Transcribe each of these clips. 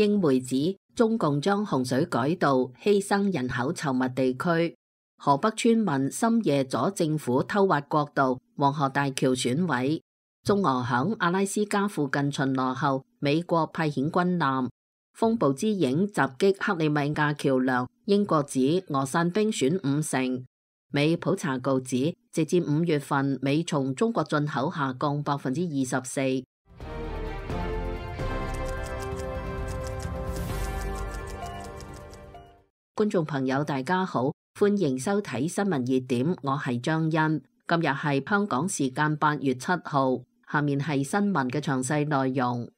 英媒指中共將洪水改道，犧牲人口稠密地區。河北村民深夜阻政府偷挖國道，黃河大橋損毀。中俄響阿拉斯加附近巡邏後，美國派遣軍艦。風暴之影襲擊克里米亞橋樑。英國指俄傘兵損五成。美普查局指，直至五月份，美從中國進口下降百分之二十四。觀眾朋友，大家好，歡迎收睇新聞熱點，我係張恩。今日係香港時間，八月七號。下面係新聞嘅詳細內容。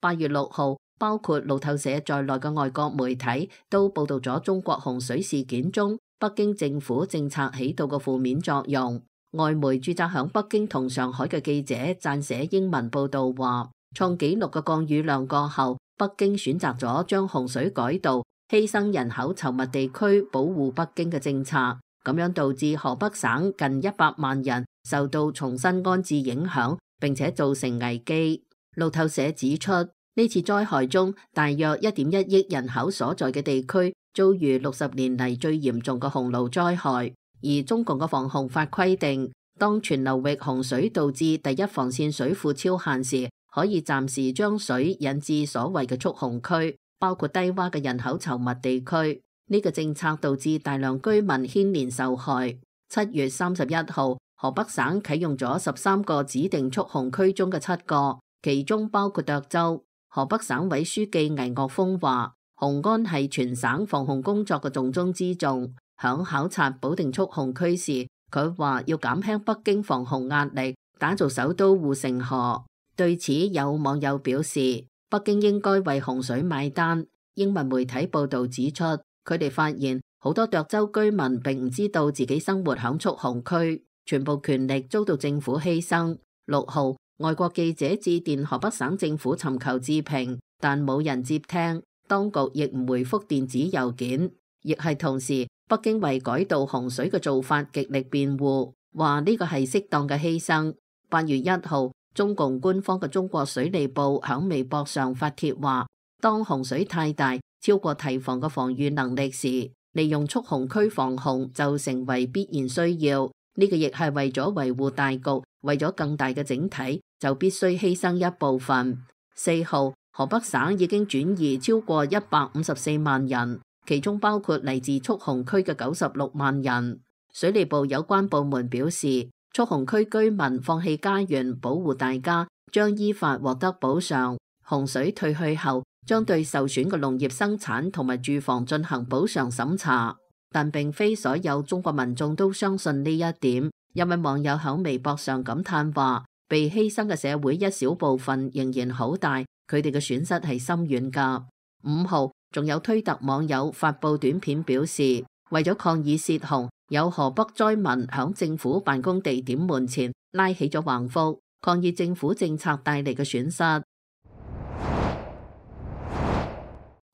八月六號，包括路透社在內嘅外國媒體都報道咗中國洪水事件中，北京政府政策起到嘅負面作用。外媒駐紮響北京同上海嘅記者撰寫英文報道話，創紀錄嘅降雨量過後，北京選擇咗將洪水改道。犧牲人口稠密地區保護北京嘅政策，咁樣導致河北省近一百萬人受到重新安置影響，並且造成危機。路透社指出，呢次災害中大約一點一億人口所在嘅地區遭遇六十年嚟最嚴重嘅洪澇災害，而中共嘅防洪法規定，當全流域洪水導致第一防線水庫超限時，可以暫時將水引至所謂嘅蓄洪區。包括低窪嘅人口稠密地區，呢個政策導致大量居民牽連受害。七月三十一號，河北省啟用咗十三個指定蓄洪區中嘅七個，其中包括涿州。河北省委書記倪岳峰話，紅安係全省防洪工作嘅重中之重。響考察保定蓄洪區時，佢話要減輕北京防洪壓力，打造首都護城河。對此，有網友表示。北京應該為洪水買單，英文媒體報道指出，佢哋發現好多涿州居民並唔知道自己生活響蓄洪區，全部權力遭到政府犧牲。六號，外國記者致電河北省政府尋求置評，但冇人接聽，當局亦唔回覆電子郵件。亦係同時，北京為改道洪水嘅做法極力辯護，話呢個係適當嘅犧牲。八月一號。中共官方嘅中國水利部響微博上發帖話：當洪水太大，超過堤防嘅防御能力時，利用蓄洪區防洪就成為必然需要。呢個亦係為咗維護大局，為咗更大嘅整體，就必須犧牲一部分。四號，河北省已經轉移超過一百五十四萬人，其中包括嚟自蓄洪區嘅九十六萬人。水利部有關部門表示，蓄洪區居民放棄家園保護大家，將依法獲得補償。洪水退去後，將對受損嘅農業生產同埋住房進行補償審查，但並非所有中國民眾都相信呢一點。有位網友喺微博上感嘆話：被犧牲嘅社會一小部分仍然好大，佢哋嘅損失係深遠㗎。五號仲有推特網友發布短片表示，為咗抗議泄洪。有河北災民喺政府辦公地點門前拉起咗橫幅，抗議政府政策帶嚟嘅損失。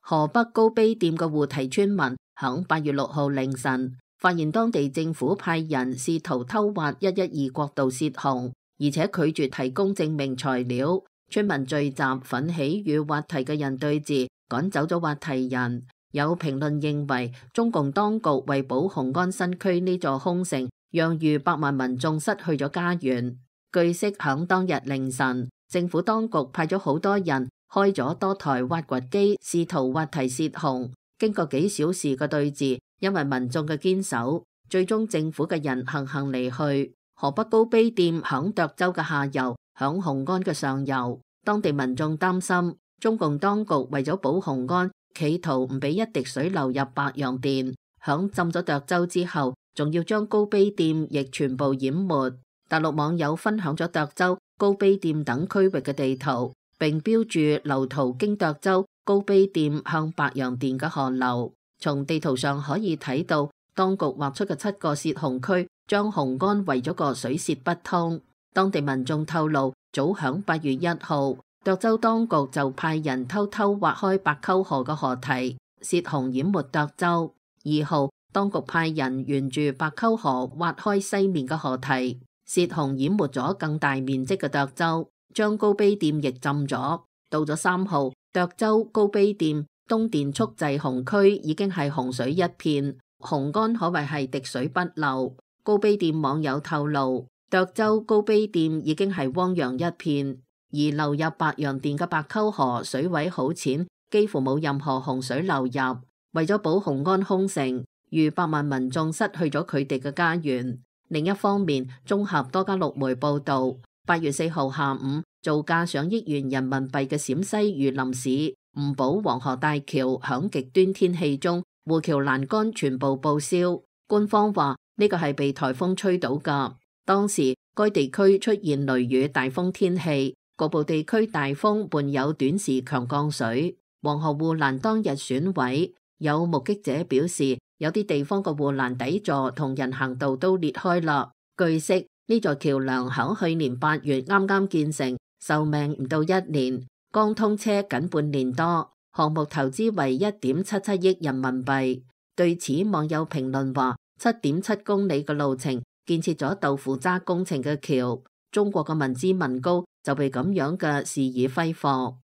河北高碑店嘅護堤村民喺八月六號凌晨發現當地政府派人試圖偷挖一一二國道泄洪，而且拒絕提供證明材料。村民聚集，奮起與挖堤嘅人對峙，趕走咗挖堤人。有評論認為，中共當局為保雄安新區呢座空城，讓逾百萬民眾失去咗家園。據悉，響當日凌晨，政府當局派咗好多人，開咗多台挖掘機，試圖挖堤泄洪。經過幾小時嘅對峙，因為民眾嘅堅守，最終政府嘅人悻悻離去。河北高碑店響涿州嘅下游，響雄安嘅上游，當地民眾擔心中共當局為咗保雄安。企圖唔俾一滴水流入白洋淀，響浸咗涿州之後，仲要將高碑店亦全部淹沒。大陸網友分享咗涿州、高碑店等區域嘅地圖，並標注流途經涿州、高碑店向白洋淀嘅河流。從地圖上可以睇到，當局劃出嘅七個泄洪區，將雄安圍咗個水泄不通。當地民眾透露，早響八月一號，涿州當局就派人偷偷挖開白溝河嘅河，河堤洩洪，淹沒涿州。二號，當局派人沿住白溝河，河挖開西面嘅河堤洩洪，淹沒咗更大面積嘅涿州，將高碑店亦浸咗。到咗三號，涿州高碑店東電蓄滯洪區已經係洪水一片，洪干可謂係滴水不漏。高碑店網友透露，涿州高碑店已經係汪洋一片。而流入白洋淀嘅白溝河水位好淺，幾乎冇任何洪水流入。為咗保雄安空城，逾百萬民眾失去咗佢哋嘅家園。另一方面，綜合多家陸媒報道，八月四號下午，造價上億元人民幣嘅陝西榆林市吳堡黃河大橋響極端天氣中，護橋欄杆全部報銷。官方話呢個係被台風吹倒噶。當時該地區出現雷雨大風天氣。局部地區大風伴有短時強降水，黃河護欄當日損毀。有目擊者表示，有啲地方個護欄底座同人行道都裂開啦。據悉，呢座橋梁喺去年八月啱啱建成，壽命唔到一年，剛通車僅半年多。項目投資為一點七七億人民幣。對此，網友評論話：七點七公里嘅路程，建設咗豆腐渣工程嘅橋。中國嘅民脂民膏就被咁樣嘅肆意揮霍。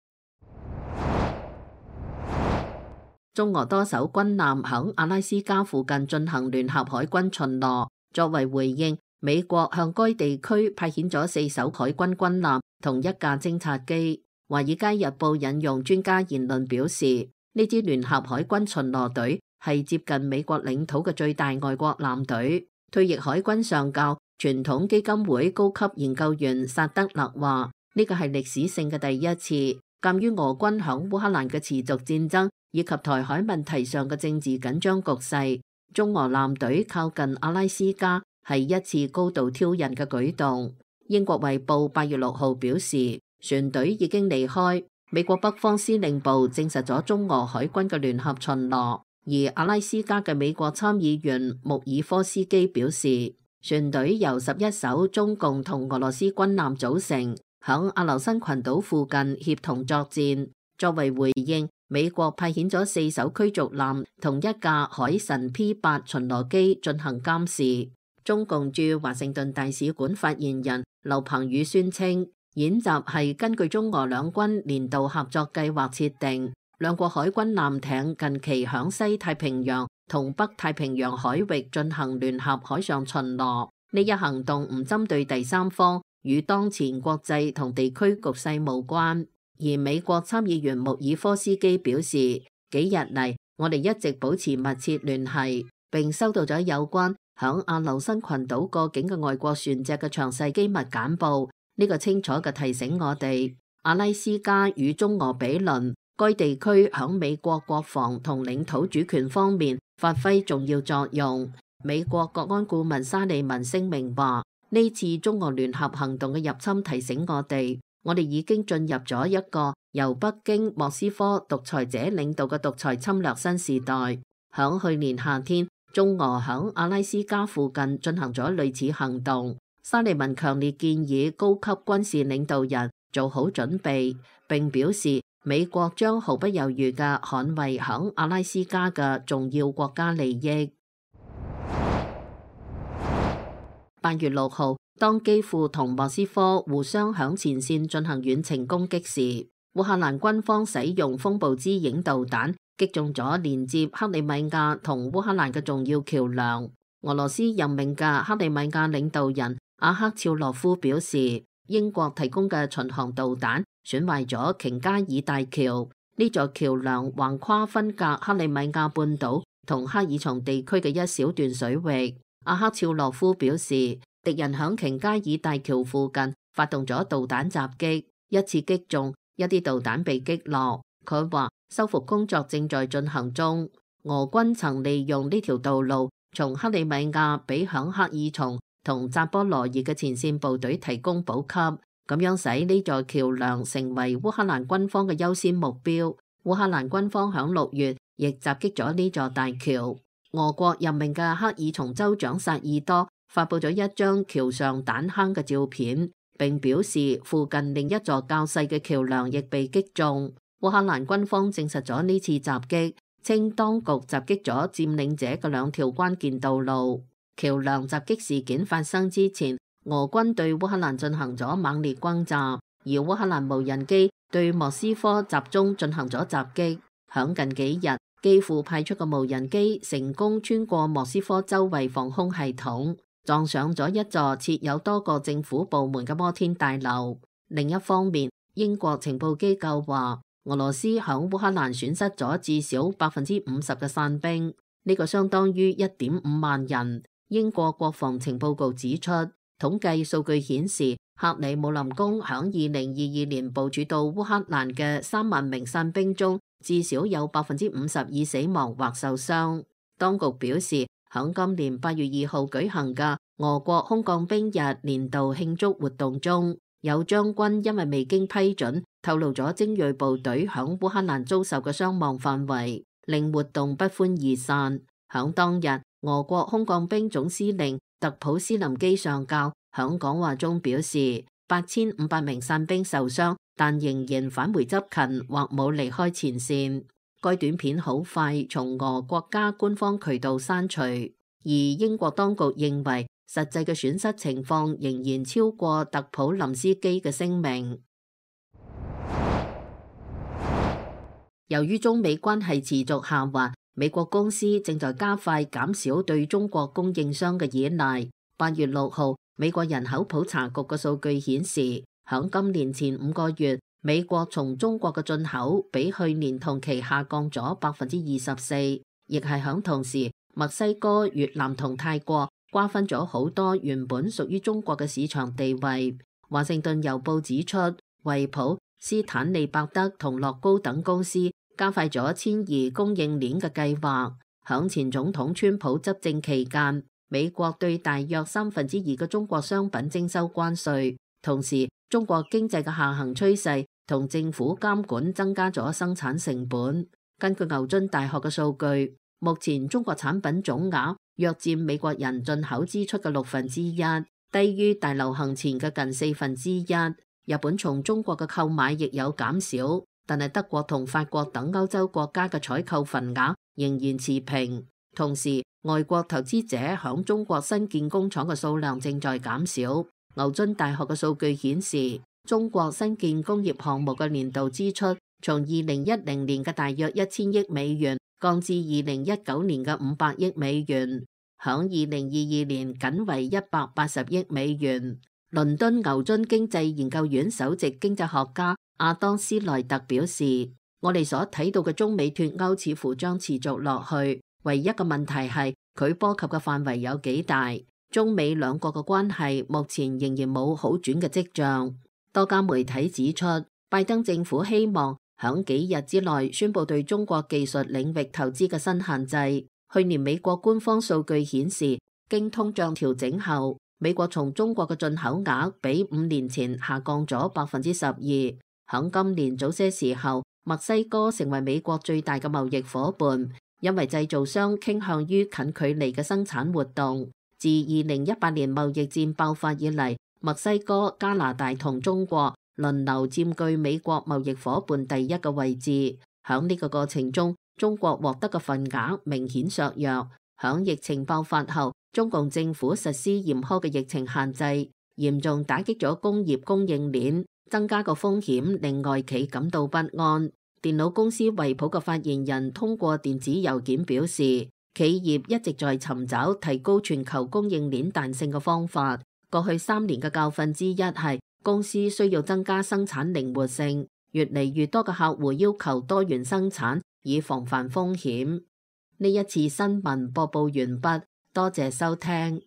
中俄多艘軍艦喺阿拉斯加附近進行聯合海軍巡邏。作為回應，美國向該地區派遣咗四艘海軍軍艦同一架偵察機。華爾街日報引用專家言論表示，呢支聯合海軍巡邏隊係接近美國領土嘅最大外國艦隊。退役海軍上校。傳統基金會高級研究員薩德勒話：呢個係歷史性嘅第一次。鑑於俄軍響烏克蘭嘅持續戰爭以及台海問題上嘅政治緊張局勢，中俄艦隊靠近阿拉斯加係一次高度挑釁嘅舉動。英國《衛報》八月六號表示，船隊已經離開。美國北方司令部證實咗中俄海軍嘅聯合巡邏，而阿拉斯加嘅美國參議員穆爾科斯基表示，船隊由十一艘中共同俄羅斯軍艦組成，響阿留申群島附近協同作戰。作為回應，美國派遣咗四艘驅逐艦同一架海神 P 八巡邏機進行監視。中共駐華盛頓大使館發言人劉鵬宇宣稱，演習係根據中俄兩軍年度合作計劃設定。兩國海軍艦艇近期響西太平洋，同北太平洋海域進行聯合海上巡邏，呢一行動唔針對第三方，與當前國際同地區局勢無關。而美國參議員穆爾科斯基表示，幾日嚟我哋一直保持密切聯繫，並收到咗有關響阿留申群島過境嘅外國船隻嘅詳細機密簡報。呢、這個清楚嘅提醒我哋，阿拉斯加與中俄比鄰，該地區響美國國防同領土主權方面發揮重要作用。美國國安顧問沙利文聲明話：呢次中俄聯合行動嘅入侵提醒我哋，我哋已經進入咗一個由北京、莫斯科獨裁者領導嘅獨裁侵略新時代。響去年夏天，中俄響阿拉斯加附近進行咗類似行動。沙利文強烈建議高級軍事領導人做好準備，並表示，美國將毫不猶豫嘅捍衞響阿拉斯加嘅重要國家利益。八月六號，當基輔同莫斯科互相響前線進行遠程攻擊時，烏克蘭軍方使用風暴之影導彈擊中咗連接克里米亞同烏克蘭嘅重要橋梁。俄羅斯任命嘅克里米亞領導人阿克肖諾夫表示，英國提供嘅巡航導彈。損壞咗瓊加爾大橋，呢座橋梁橫跨分隔克里米亞半島同赫爾松地區嘅一小段水域。阿克肖洛夫表示，敵人響瓊加爾大橋附近發動咗導彈襲擊，一次擊中一啲導彈被擊落。佢話，修復工作正在進行中。俄軍曾利用呢條道路從克里米亞俾響赫爾松同扎波羅熱嘅前線部隊提供補給。咁樣使呢座橋樑成為烏克蘭軍方嘅優先目標。烏克蘭軍方響六月亦襲擊咗呢座大橋。俄國任命嘅克爾松州長薩爾多發布咗一張橋上彈坑嘅照片，並表示附近另一座較細嘅橋樑亦被擊中。烏克蘭軍方證實咗呢次襲擊，稱當局襲擊咗佔領者嘅兩條關鍵道路。橋樑襲擊事件發生之前，俄軍對烏克蘭進行咗猛烈轟炸，而烏克蘭無人機對莫斯科集中進行咗襲擊。響近幾日，幾乎派出嘅無人機成功穿過莫斯科周圍防空系統，撞上咗一座設有多個政府部門嘅摩天大樓。另一方面，英國情報機構話，俄羅斯響烏克蘭損失咗至少百分之五十嘅傘兵，呢、這個相當於一點五萬人。英國國防情報局指出，統計數據顯示，克里姆林宮響二零二二年部署到烏克蘭嘅三萬名傘兵中，至少有百分之五十已死亡或受傷。當局表示，響今年八月二號舉行嘅俄國空降兵日年度慶祝活動中，有將軍因為未經批准透露咗精鋭部隊響烏克蘭遭受嘅傷亡範圍，令活動不歡而散。響當日，俄國空降兵總司令。特普斯林基上教響講話中表示，八千五百名傘兵受傷，但仍然返回執勤或冇離開前線。該短片好快從俄國家官方渠道刪除，而英國當局認為實際嘅損失情況仍然超過特普林斯基嘅聲明。由於中美關係持續下滑。美國公司正在加快減少對中國供應商嘅依賴。八月六號，美國人口普查局嘅數據顯示，響今年前五個月，美國從中國嘅進口比去年同期下降咗百分之二十四。亦係響同時，墨西哥、越南同泰國瓜分咗好多原本屬於中國嘅市場地位。華盛頓郵報指出，惠普、斯坦利、伯德同樂高等公司。加快咗遷移供應鏈嘅計劃，響前總統川普執政期間，美國對大約三分之二嘅中國商品徵收關稅。同時，中國經濟嘅下行趨勢同政府監管增加咗生產成本。根據牛津大學嘅數據，目前中國產品總額約佔美國人進口支出嘅六分之一，低於大流行前嘅近四分之一。日本從中國嘅購買亦有減少。但係德國同法國等歐洲國家嘅採購份額仍然持平，同時外國投資者響中國新建工廠嘅數量正在減少。牛津大學嘅數據顯示，中國新建工業項目嘅年度支出從二零一零年嘅大約一千億美元降至二零一九年嘅五百億美元，響二零二二年僅為一百八十億美元。倫敦牛津經濟研究院首席經濟學家阿當斯萊特表示：我哋所睇到嘅中美脫鈎似乎將持續落去，唯一嘅問題係佢波及嘅範圍有幾大。中美兩國嘅關係目前仍然冇好轉嘅跡象。多家媒體指出，拜登政府希望響幾日之內宣布對中國技術領域投資嘅新限制。去年美國官方數據顯示，經通脹調整後。美國從中國嘅進口額比五年前下降咗百分之十二。響今年早些時候，墨西哥成為美國最大嘅貿易夥伴，因為製造商傾向於近距離嘅生產活動。自二零一八年貿易戰爆發以來，墨西哥、加拿大同中國輪流佔據美國貿易夥伴第一嘅位置。響呢個過程中，中國獲得嘅份額明顯削弱。響疫情爆發後。中共政府實施嚴苛嘅疫情限制，嚴重打擊咗工業供應鏈，增加個風險，令外企感到不安。電腦公司惠普嘅發言人通過電子郵件表示，企業一直在尋找提高全球供應鏈彈性嘅方法。過去三年嘅教訓之一係，公司需要增加生產靈活性。越嚟越多嘅客戶要求多元生產，以防範風險。呢一次新聞播報完畢。多謝收聽。